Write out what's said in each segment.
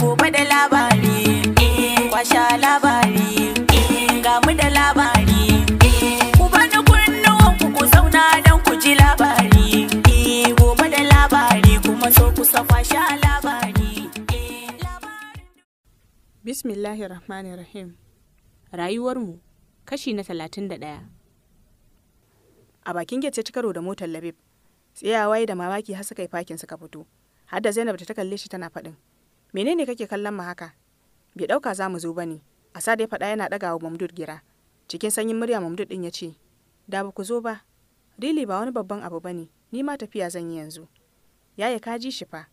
gobe da labari eh, kwasha labari eh, ga mu da labari eh, ku bani kunnuwan ku ku zauna don ku ji labari gobe da labari kuma so ku kwasha labari bismillahir rahmanir rahim rayuwarmu kashi na talatin da ɗaya. a bakin gate ci karo da motar labib tsayawa da mamaki har suka yi fakin suka fito har da zainab ta kalle shi tana faɗin menene kake kallon mu haka bai dauka za mu zo bane sada ya faɗa yana ɗaga wa mamdud gira cikin sanyin murya mamdud din ya ce da ba ku zo ba rili ba wani babban abu bane ni ma tafiya zan yi yanzu yaya ka ji shi fa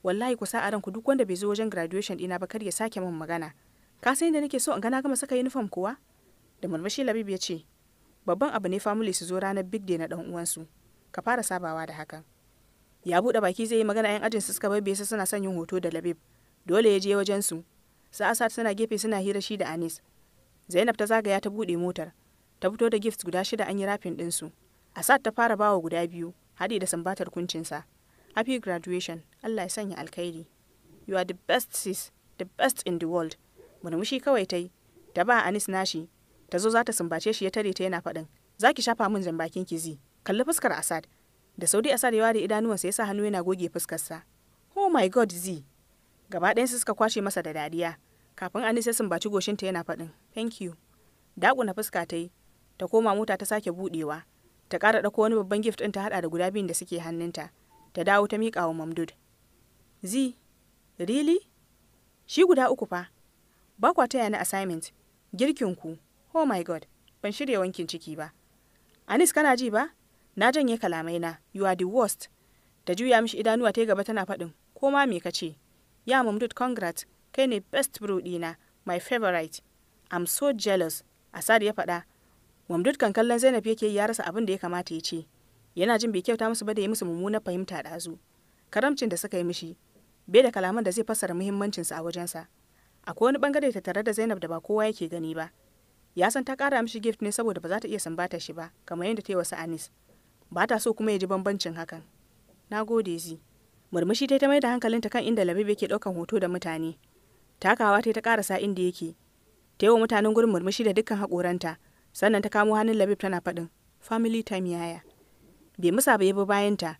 wallahi ku sa a ranku duk wanda bai zo wajen graduation dina ba kar ya sake min magana ka san yadda nake so in gana gama saka uniform kuwa da murmushi labib ya ce babban abu ne family su zo ranar big day na dan uwansu ka fara sabawa da hakan ya bude baki zai yi magana yan ajin su suka babbe su suna son yin hoto da labib dole ya je wajen su sa'asat suna gefe suna hira shi da anis zainab ta zagaya ta bude motar ta fito da gifts guda shida an yi rafin din su. asad ta fara bawa guda biyu hadi da sambatar kuncinsa happy graduation allah ya sanya alkhairi you are the best sis the best in the world murmushi kawai ta ta ba anis nashi ta zo za ta sumbace shi ya tare ta yana faɗin zaki ki shafa min bakin kizi. kalli fuskar asad da saudi da ya ware idanuwansa ya sa hannu yana goge fuskarsa oh my god z gaba ɗayansu suka kwashe masa da dariya kafin anis sun baci goshinta yana faɗin thank you Daƙu na fuska ta yi ta koma mota ta sake buɗewa ta ƙara ɗauko wani babban gift ɗin ta haɗa da guda biyun da suke hannunta ta dawo ta miƙa wa mamdud z really shi guda uku fa ba kwa taya ni assignment girkinku oh my god ban shirya wankin ciki ba anis kana ji ba na janye kalamai na you are the worst da juya mishi idanuwa ta gaba tana faɗin ko ma me kace ya mamdud congrat kai ne best bro dina my favorite i'm so jealous asad ya faɗa mamdud kan kallon zainab yake ya rasa abin da ya kamata ya ce yana jin bai kyauta musu ba da ya musu mummunar fahimta ɗazu karamcin da suka yi mishi bai da kalaman da zai fassara muhimmancinsa a wajensa akwai wani bangare ta tare da zainab da ba kowa yake gani ba ya san ta kara mishi gift ne saboda ba za ta iya sambata shi ba kamar yadda ta yi wasu anis ba ta so kuma ya ji bambancin hakan na gode zi murmushi ta mai da hankalinta kan inda labibe ke ɗaukan hoto da mutane takawa ta ta karasa inda yake ta yi wa mutanen gurin murmushi da dukkan haƙoranta sannan ta kamo hannun labib tana faɗin family time yaya bai musa ba ya bi bayanta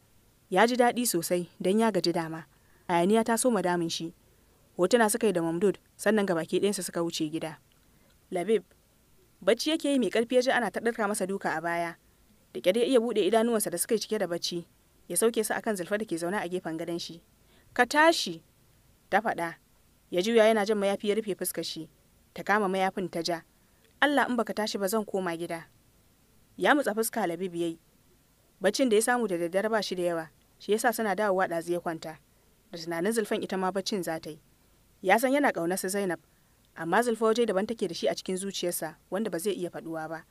ya ji daɗi sosai don ya gaji dama ayaniya ta so damun shi hotuna suka yi da mamdud sannan ga baki ɗayansa suka wuce gida labib bacci yake yi mai ƙarfi ya ji ana taɗarka masa duka a baya da dai ya iya buɗe idanuwansa da suka yi cike da bacci ya sauke su akan zulfa da ke zaune a gefen gadon shi ka tashi ta faɗa ya juya yana jin mayafi ya rufe fuskar shi ta kama mayafin ta ja Allah in baka tashi ba zan koma gida ya mutsa fuska labi biyai baccin da ya samu da daddare ba shi da yawa shi yasa suna dawowa ɗazu ya kwanta da tunanin zulfan ita ma baccin za ta yi ya san yana ƙaunar su Zainab amma zulfa waje daban take da shi a cikin zuciyarsa wanda ba zai iya faɗuwa ba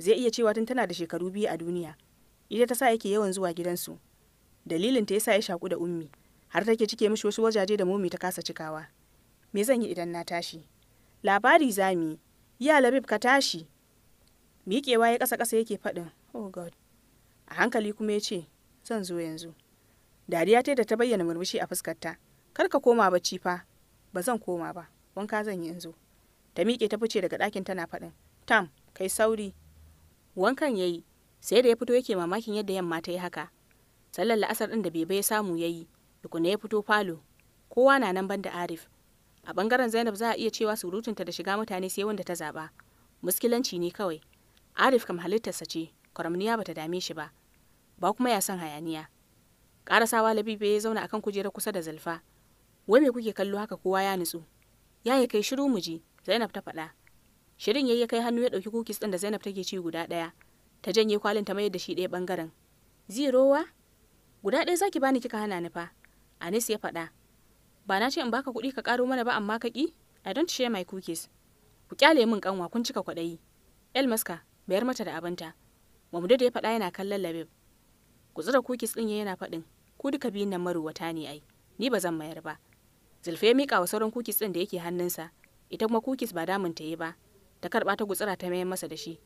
zai iya cewa tun tana da shekaru biyu a duniya ita ta sa yake yawan zuwa gidansu dalilin ta yasa ya shaku da ummi har take cike mishi wasu wajaje da momi ta kasa cikawa me zan yi idan na tashi labari zami yi ya labib ka tashi miƙewa ya ƙasa ƙasa yake faɗin oh god a hankali kuma ya ce zan zo yanzu dariya ta da ta bayyana murmushi a fuskarta kar ka koma bacci fa ba zan koma ba wanka zan yi yanzu ta miƙe ta fice daga ɗakin tana faɗin tam kai sauri wankan yayi sai da ya fito yake mamakin yadda yamma ta yi haka sallar la'asar din da bebe ya samu ya yayi tukuna ya fito falo kowa na nan banda arif a bangaren zainab za a iya cewa surutunta da shiga mutane sai wanda ta zaba muskilanci ne kawai arif kam halittarsa ce kwaramniya bata dame shi ba ba kuma ya san hayaniya karasawa labibe ya zauna akan kujera kusa da zalfa wai me kuke kallo haka kowa ya nutsu ya yi kai shiru mu ji zainab ta faɗa Shirin yayi kai hannu ya dauki kukis din da Zainab take ci guda ɗaya Ta janye kwalin ta mayar da shi ɗaya bangaren. zirowa Guda daya zaki bani kika hana ni fa. Anis ya faɗa. Ba na ce in baka kuɗi ka karo mana ba amma ka ki? I don't share my cookies. Ku kyale min kanwa kun cika kwaɗayi. El Maska bayar mata da abinta. Mamudu da ya faɗa yana kallon Labib. tsira cookies din yana faɗin. Ku duka biyun nan maruwata ne ai. Ni ba zan mayar ba. Zulfa ya mika wa sauran kukis ɗin da yake hannunsa, ita kuma kukis ba damun ta yi ba, ta karɓa ta gutsira ta mayan masa da shi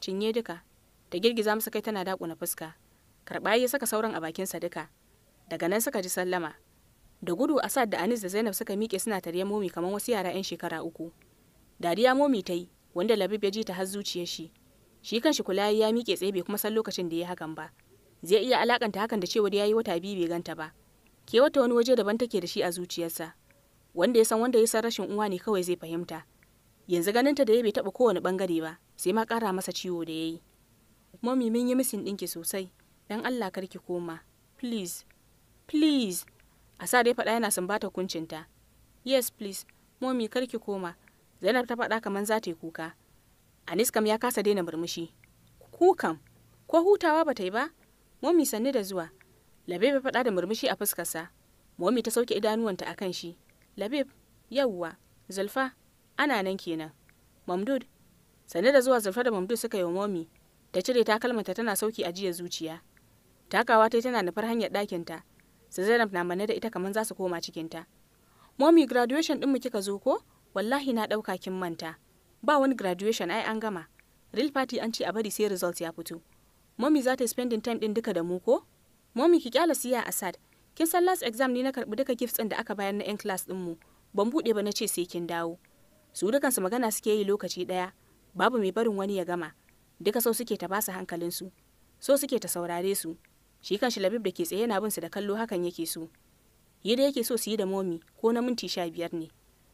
cinye duka ta girgiza masa kai tana dakuna fuska Karɓa ya saka sauran a bakinsa duka daga nan suka ji sallama da gudu Asad da Anis da Zainab suka miƙe suna tarye momi kamar wasu yara 'yan shekara uku dariya momi ta yi wanda Labib ya ji ta har zuciyar shi shi kanshi kula ya miƙe tsaye bai kuma san lokacin da ya hakan ba zai iya alakanta hakan da cewa ya yi wata biyu bai ganta ba ke wata wani waje daban take da shi a zuciyarsa wanda ya san wanda ya san rashin uwa ne kawai zai fahimta yanzu ganinta da ya bai taɓa kowane ɓangare ba sai ma ƙara masa ciwo da ya yi Mami mun yi misin ɗinki sosai don allah kar ki koma please please a sa dai faɗa yana sumbata kuncinta yes please Mami, kar ki koma zainab ta faɗa kamar za ta yi kuka Aniskam ya kasa daina murmushi Kukan! ko hutawa ba ta yi ba momi sanni da zuwa labib ya faɗa da murmushi a fuskarsa Mami ta sauke idanuwanta a kan shi labib yawwa zulfa ana nan kenan mamdud sane da zuwa zurfa da mamdud suka yi wa momi ta cire takalmata tana sauki ajiyar zuciya takawa ta tana nufar hanyar ta su zainab na manne da ita kamar za su koma ta momi graduation ɗinmu kika zo ko wallahi na ɗauka kin manta ba wani graduation ai an gama real party an ce a bari sai result ya fito momi za ta spending time ɗin duka da mu ko momi ki kyala siya a asad kin san last exam ne na karɓi duka gifts ɗin da aka bayar na 'yan class ɗinmu ban buɗe ba na ce sai kin dawo su dukansu magana suke yi lokaci ɗaya babu mai barin wani ya gama duka so suke ta ba su hankalinsu so suke ta saurare su shi kan shi labib da ke tsaye yana bin su da kallo hakan yake so yi da yake so su yi da momi ko na minti sha biyar ne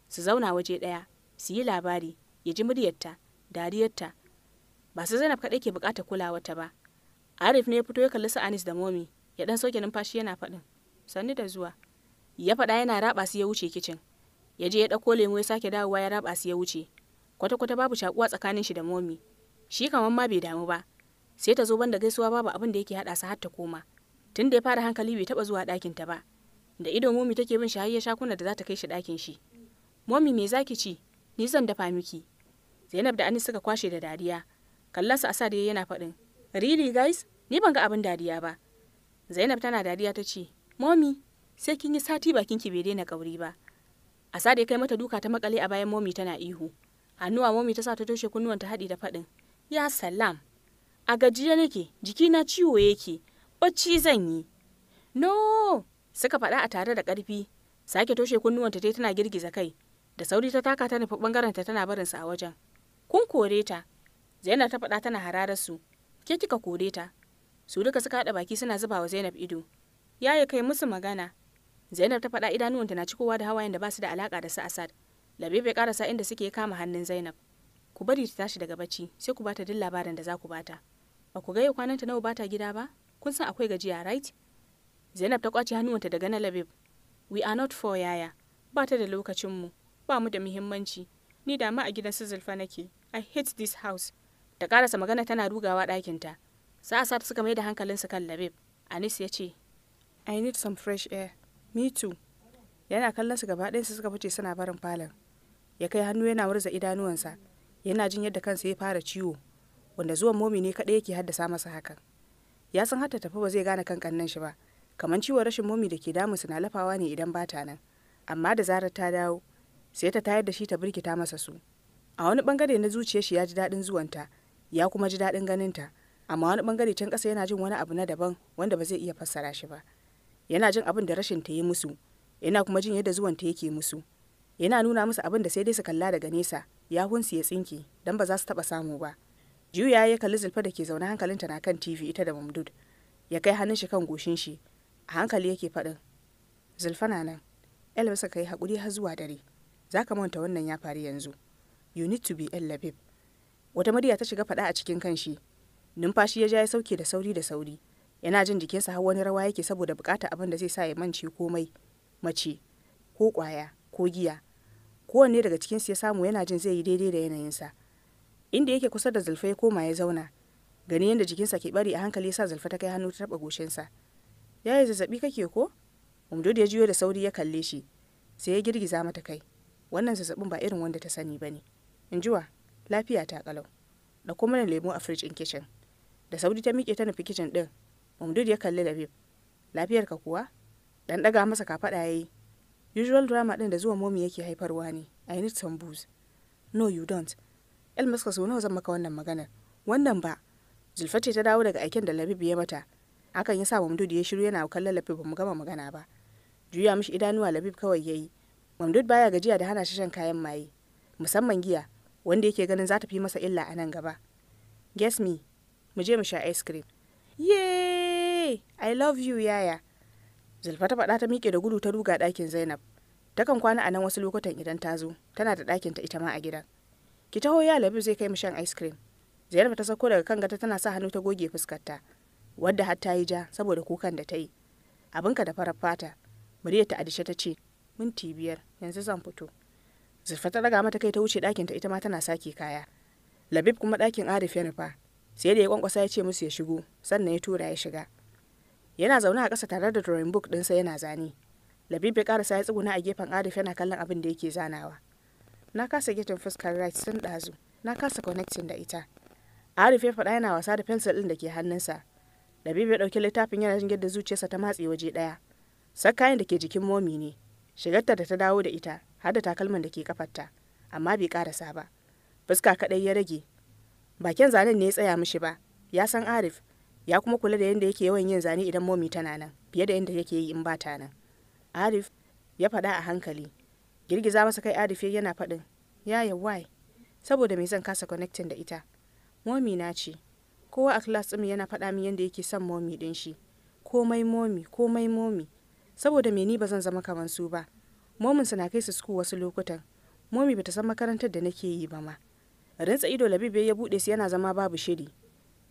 su zauna waje ɗaya su yi labari ya ji muryarta dariyarta ba su zainab kaɗai ke buƙatar ta ba arif ne ya fito ya kalli su anis da momi ya ɗan soke numfashi yana faɗin sannu da zuwa ya faɗa yana raɓa su ya wuce kicin ya je ya ɗauko lemo ya sake dawowa ya raba su ya wuce kwata-kwata babu shakuwa tsakanin shi da momi shi kamar ma bai damu ba sai ta zo ban da gaisuwa babu abin da yake haɗa su har ta koma tun da ya fara hankali bai taɓa zuwa ɗakin ta ba da ido momi take bin shi har ya shakuna da za ta kai shi ɗakin shi momi me zaki ci ni zan dafa miki zainab da ani suka kwashe da dariya kallon sa asad yana faɗin really guys ni ban ga abin dariya ba zainab tana dariya ta ce momi sai kin yi sati bakin ki bai daina kauri ba a sada ya kai mata duka ta makale a bayan momi tana ihu hannuwa momi ta sa ta toshe kunnuwan ta haɗi da faɗin ya salam a gajiya nake na ciwo yake bacci zan yi no suka faɗa a tare da ƙarfi sake toshe kunnuwanta dai tana girgiza kai da sauri ta taka ta nufi ɓangaren ta tana barin su a wajen kun kore ta zainab ta faɗa tana hararar su ke kika kore ta su duka suka haɗa baki suna zuba zainab ido ya kai musu magana Zainab ta faɗa idanuwanta na cikowa da hawayen da ba su da alaka da su Asad. Labe bai karasa inda suke kama hannun Zainab. Ku bari ta tashi daga bacci sai ku bata duk labarin da za ku bata. Ba ku gaya kwananta nawa bata gida ba? Kun san akwai gajiya, right? Zainab ta kwace hannuwanta daga na Labib. We are not for yaya. Ba ta da lokacinmu. Ba mu da muhimmanci. Ni da ma a gidan su zulfa nake. I hate this house. Da karasa magana tana rugawa ɗakinta. Sa'a sa suka mai da hankalinsu kan Labib. Anis ya ce, I need some fresh air. Me too. Yana kallon su gaba ɗayansu suka fice suna barin falon. Ya kai hannu yana murza idanuwansa. Yana jin yadda kansa ya fara ciwo. Wanda zuwan momi ne kaɗai yake haddasa masa hakan. Ya san hatta tafi ba zai gane kan kannan shi ba. Kamar ciwon rashin momi da ke damunsa na lafawa ne idan ba ta nan. Amma da zarar ta dawo, sai ta tayar da shi ta birkita masa su. a wani bangare na zuciyar shi ya ji daɗin zuwanta ya kuma ji daɗin ganinta amma wani bangare can ƙasa yana jin wani abu na daban wanda ba zai iya fassara shi ba yana jin abin da rashin ta yi musu yana kuma jin yadda zuwan ta yake musu yana nuna musu abin da sai dai su kalla daga nesa ya hunsu ya tsinke dan ba za su taba samu ba juya ya yi kalli zulfa da ke zaune hankalinta na kan tv ita da mamdud ya kai hannun shi kan goshin shi a hankali yake faɗin zulfa na nan elbasa ka yi haƙuri har zuwa dare za ka manta wannan ya faru yanzu you need to be el labib wata murya ta shiga faɗa a cikin shi numfashi ya ja ya sauke da sauri da sauri yana jin jikinsa har wani rawa yake saboda bukata abin da zai sa ya mance komai mace ko kwaya ko giya kowanne daga cikin cikinsu ya samu yana jin zai yi daidai da yanayinsa inda yake kusa da zulfa ya koma ya zauna gani yadda jikinsa ke bari a hankali sa zulfa ta kai hannu ta taba goshinsa ya yi zazzabi kake ko umdod ya juyo da sauri ya kalle shi sai ya girgiza mata kai wannan zazzabin ba irin wanda ta sani ba ne injuwa lafiya ta kalau da kuma lemo a in kicin da sauri ta miƙe ta nufi kicin ɗin Mamdud ya kalli Labib. Lafiyarka kuwa? Dan daga masa kafaɗa yayi. Usual drama din da zuwa momi yake haifarwa ne. I need some booze. No you don't. El Muska so nawa zan maka wannan maganar. Wannan ba. Zulfa ce ta dawo daga aikin da Labib ya mata. Hakan ya sa Mamdud ya shiru yana kallon Labib mu gama magana ba. Juya mishi idanuwa Labib kawai yayi. Mamdud baya gajiya da hana shi shan kayan maye, musamman giya, wanda yake ganin za ta fi masa illa a nan gaba. Guess me, mu je mu sha ice cream. Yay! I love you yaya. Zulfa ta faɗa ta miƙe da gudu ta ruga ɗakin Zainab. Takan kwana a nan wasu lokutan idan ta zo, tana da ɗakin ta ita ma a gidan. Ki taho ya labi zai kai mu shan ice cream. Zainab ta sako daga kan gata tana sa hannu ta goge fuskarta, wadda har ta yi ja saboda kukan da ta yi. Abinka da farar fata. Muryar ta adishe ta ce, minti biyar yanzu zan fito. Zulfa ta raga mata kai ta wuce ɗakinta ita ma tana sake kaya. Labib kuma ɗakin Arif ya nufa. Sai da ya kwankwasa ya ce musu ya shigo, sannan ya tura ya shiga. yana zaune a ƙasa tare da drawing book ɗinsa yana zane labib ya ƙarasa ya tsuguna a gefen arif, yana kallon abin da yake zanawa na kasa getin fuskar right sun ɗazu na kasa connecting da ita arif ya faɗa yana wasa da pencil ɗin da ke hannunsa labib ya ɗauki littafin yana jin yadda zuciyarsa ta matse waje ɗaya kayan da ke jikin momi ne shigarta da ta dawo da ita har da takalman da ke kafarta amma bai ƙarasa ba fuska kaɗai ya rage bakin zanen ne ya tsaya mishi ba ya san arif ya kuma kula da yadda yake yawan yin zane idan momi tana nan fiye da yadda yake yi in ba ta nan arif ya faɗa a hankali girgiza masa kai arif yana faɗin yaya wai saboda me zan kasa connecting da ita momi na ce kowa a class ɗin yana faɗa min yadda yake son momi ɗin shi komai momi komai momi saboda me ni ba zan zama kamar su ba momin na kai su suku wasu lokutan momi bata san makarantar da nake yi ba ma rintsa ido labibe ya buɗe su yana zama babu shiri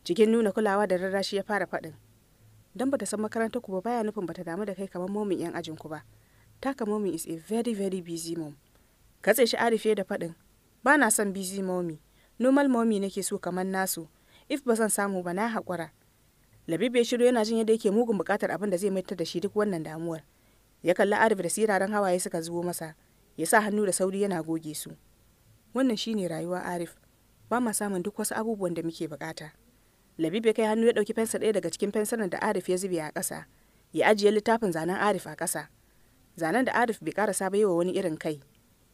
cikin nuna kulawa da rarrashi ya fara faɗin don bata san makarantar ku ba baya nufin bata damu da kai kamar momin yan ajin ku ba taka momin is a very very busy mom katse shi arife da faɗin ba na son busy momi. normal momi nake so kamar nasu if ba zan samu ba na haƙura labib shiru yana jin yadda yake mugun buƙatar abin da zai maitar da shi duk wannan damuwar ya kalli arif da siraran hawaye suka zubo masa ya sa hannu da sauri yana goge su wannan shine rayuwa arif ba ma samun duk wasu abubuwan da muke buƙata labib ya kai hannu ya ɗauki fensir ɗaya daga cikin fensirin da arif ya zube a ƙasa ya ajiye littafin zanen arif a ƙasa zanen da arif bai ƙara ba wa wani irin kai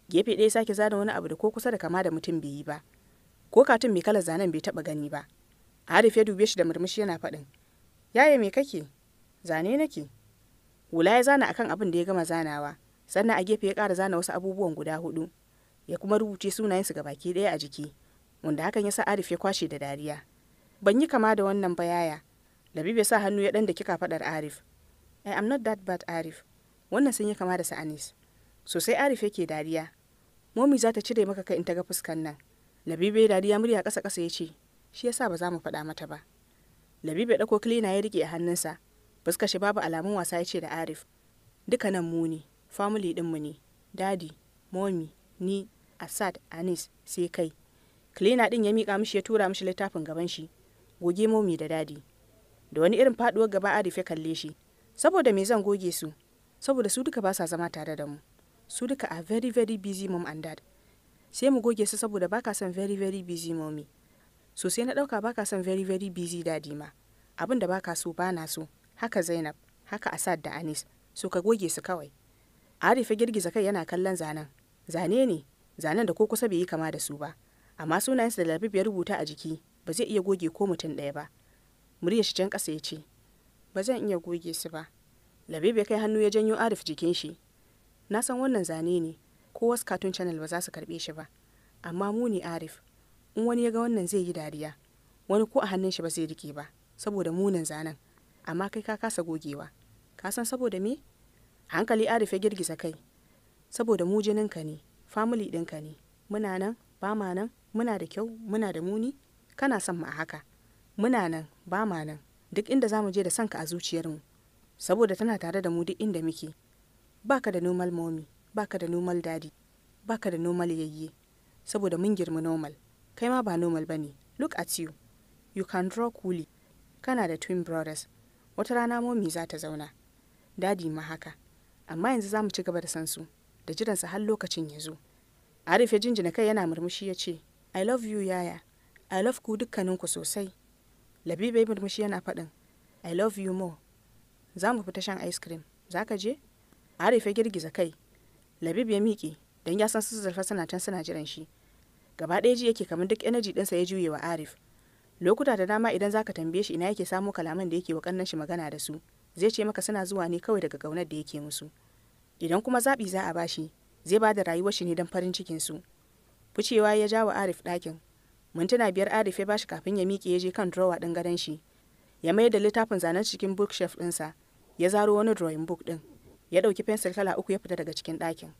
gefe ɗaya sake zana wani abu da ko kusa da kama da mutum bai yi ba ko katun mai kalar zanen bai taɓa gani ba arif ya dube shi da murmushi yana faɗin yaya me kake zane nake wula ya zana akan abin da ya gama zanawa sannan a gefe ya ƙara zana wasu abubuwan guda hudu ya kuma rubuce sunayensu ga baki ɗaya a jiki wanda hakan ya sa arif ya kwashe da dariya ban yi kama da wannan bayaya. Labibi labib ya sa hannu ya dan da kika fadar arif i am not that bad arif wannan sun yi kama da sa'anis sosai arif yake dariya momi za ta cire maka kai in ta ga fuskan nan labibe dariya murya kasa kasa ya ce shi yasa ba za mu faɗa mata ba ya dako kilina ya rike a hannunsa fuskar shi babu alamun wasa ya ce da arif Duka nan mu ne family din mu ne dadi momi ni asad anis sai kai kilina din ya mika mishi ya tura mishi littafin gaban shi goge momi da dadi da wani irin faduwar gaba a ya kalle shi saboda me zan goge su saboda su duka ba sa zama tare da mu su duka a very very busy mom and dad sai mu goge su saboda ba ka son very very busy momi. so sai na dauka ka son very very busy dadi ma abin da ba ka so ba na so haka Zainab haka Asad da Anis so ka goge su kawai arife girgiza kai yana kallon zanen zane ne zanen da ko kusa bai yi kama da su ba amma sunayensa da Labib ya rubuta a jiki ba zai iya goge ko mutum ɗaya ba muryar shi can ƙasa ya ce ba zan iya goge su ba labe ya kai hannu ya janyo arif jikin shi na san wannan zane ne ko wasu katun channel ba za su karɓe shi ba amma mu ne arif in wani ya ga wannan zai yi dariya wani ko a hannun shi ba zai rike ba saboda munin zanen amma kai ka kasa gogewa ka san saboda me hankali arif ya girgiza kai saboda mu jininka ne Famili ɗinka ne muna nan ba ma nan muna da kyau muna da muni kana son mu a haka muna nan ba ma nan duk inda za mu je da sanka a zuciyarmu saboda tana tare da mu duk inda muke baka da normal mommy baka da normal daddy baka da normal yayye saboda mun girma normal kai ma ba normal bane look at you you can draw coolly kana da twin brothers wata rana momi za ta zauna dadi ma haka amma yanzu za mu ci gaba da san su da jiransa har lokacin ya zo arif ya jinjina kai yana murmushi ya ce i love you yaya I love ku dukkaninku sosai. Labibu ya murmushi yana faɗin, I love you more. Za mu fita shan ice cream, za ka je? Arif ya girgiza kai. Labib ya miƙe, don ya san su zarfa suna can suna jiran shi. Gaba ɗaya ji yake kamar duk energy ɗinsa ya juye wa Arif. Lokuta da dama idan zaka tambaye shi ina yake samo kalaman da yake wa kannan shi magana da su, zai ce maka suna zuwa ne kawai daga ƙaunar da yake musu. Idan kuma zaɓi za a bashi, zai ba da rayuwar shi ne don farin cikin su. Ficewa ya ja wa Arif ɗakin, mintuna biyar arif ya bashi kafin ya miƙe ya je kan drawer din gadon shi ya mayar da littafin zanen cikin bookshelf ɗinsa ya zaro wani drawing book ɗin ya ɗauki pencil kala uku ya fita daga cikin ɗakin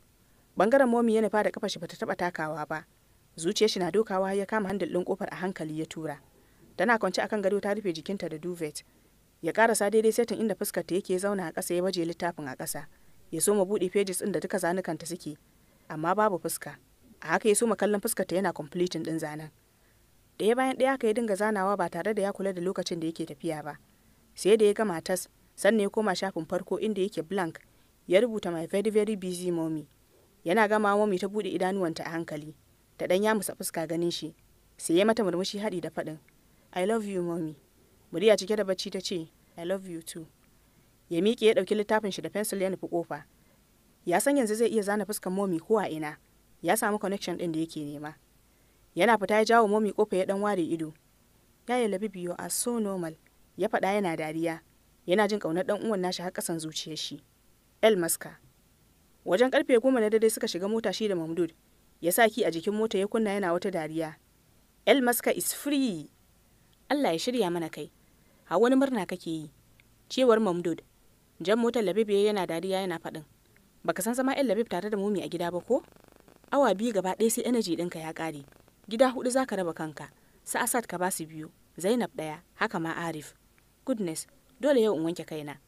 bangaren momi ya nufa da kafa shi bata taɓa takawa ba zuciyar shi na dokawa ya kama handil ɗin kofar a hankali ya tura tana kwance akan gado ta rufe jikinta da duvet ya karasa daidai setin inda fuskar ta yake zauna a ƙasa ya baje littafin a ƙasa ya soma buɗe pages ɗin da duka zanukanta suke amma babu fuska a haka ya soma kallon fuskar ta yana completing ɗin zanen ɗaya bayan ɗaya ka yi dinga zanawa ba tare da ya kula da lokacin da yake tafiya ba sai da ya gama tas sannan ya koma shafin farko inda yake blank ya rubuta my very very busy mommy yana gama mommy ta buɗe idanuwanta a hankali ta ɗan ya musa fuska ganin shi sai ya mata murmushi haɗi da faɗin i love you mommy murya cike da bacci ta ce i love you too ya miƙe ya ɗauki littafin shi da fensil ya nufi ƙofa ya san yanzu zai iya zana fuskan momi ko a ina ya samu connection ɗin da yake nema yana fita ya jawo momi kofa ya dan ware ido yaya labi you a so normal ya faɗa yana dariya yana jin ƙaunar ɗan uwan nashi har ƙasan zuciyar shi el maska wajen karfe goma na dare suka shiga mota shi da mamdud ya sa ki a jikin mota ya kunna yana wata dariya el maska is free allah ya shirya mana kai a wani murna kake yi cewar mamdud jan motar labib yana dariya yana faɗin baka san zama el labib tare da momi a gida ba ko awa biyu gaba ɗaya sai energy ɗinka ya ƙare gida hudu ka raba kanka su asad ka basu biyu zainab ɗaya, haka ma arif goodness dole yau in wanke kaina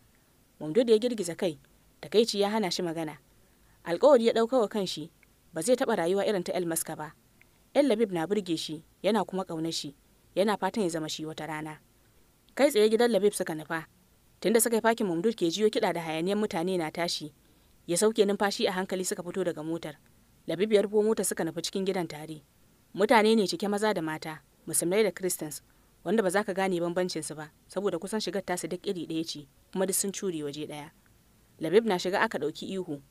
da ya girgiza kai takaici ya hana shi magana alkawari ya dauka wa kanshi ba zai taɓa rayuwa irin ta elmaska ba el labib na burge shi yana kuma ƙauna shi yana fatan ya zama shi wata rana kai tsaye gidan labib suka nufa tunda suka yi fakin mamdud ke jiyo kiɗa da hayaniyar mutane na tashi ya sauke numfashi a hankali suka fito daga motar labib ya rubo mota suka nufi cikin gidan tare mutane ne cike maza da mata musulmai da christians wanda ba za ka gane bambancinsu ba saboda kusan shigar tasu duk iri ɗaya ce kuma duk sun cure waje ɗaya labib na shiga aka ɗauki ihu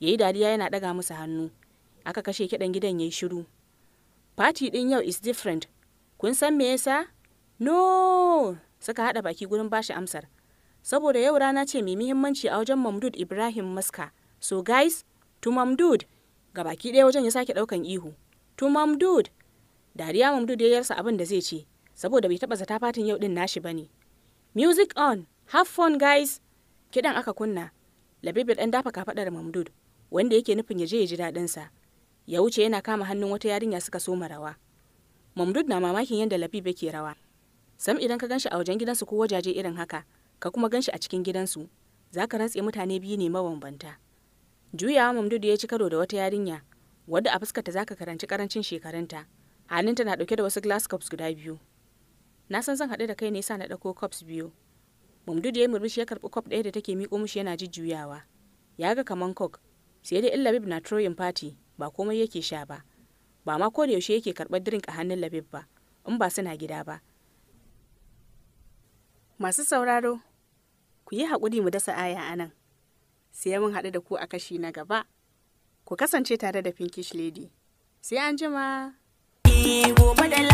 ya yi dariya yana ɗaga musu hannu aka kashe kiɗan gidan ya yi shiru fati ɗin yau is different kun san me yasa no suka haɗa baki gurin bashi amsar saboda yau rana ce mai muhimmanci a wajen mamdud ibrahim maska so guys to mamdud ga baki ɗaya wajen ya sake ɗaukan ihu To Mamdud, dariya Mamdud ya yarsa abin da zai ce, saboda bai taba zata fatin yau din nashi ne. Music on, have fun guys. Kidan aka kunna. Labibir dan dafa kafadar Mamdud, wanda yake nufin ya je ya ji dadin sa. Ya wuce yana kama hannun wata yarinya suka soma rawa. Mamdud na mamakin yadda Labib yake rawa. Sam idan ka ganshi a wajen gidansu ko wajaje irin haka, ka kuma ganshi a cikin gidansu, za ka rantse mutane biyu ne mabambanta. Juyawa Mamdud ya ci karo da wata yarinya wadda a fuskarta za ka karanci karancin shekarunta hannunta na dauke da wasu glass cups guda biyu na san zan haɗu da kai ne sa na ɗauko cups biyu Mumdu da ya yi murmushi ya karɓi cup ɗaya da take miƙo mushi yana jujjuyawa ya ga kaman coke sai dai in labib na troyin party ba komai yake sha ba ba ma ko da yaushe yake karɓar drink a hannun labib ba in ba suna gida ba masu sauraro ku yi haƙuri mu dasa aya anan sai mun haɗu da ku a kashi na gaba Ku kasance tare da Pinkish Lady. Sai an jima. gobe madala.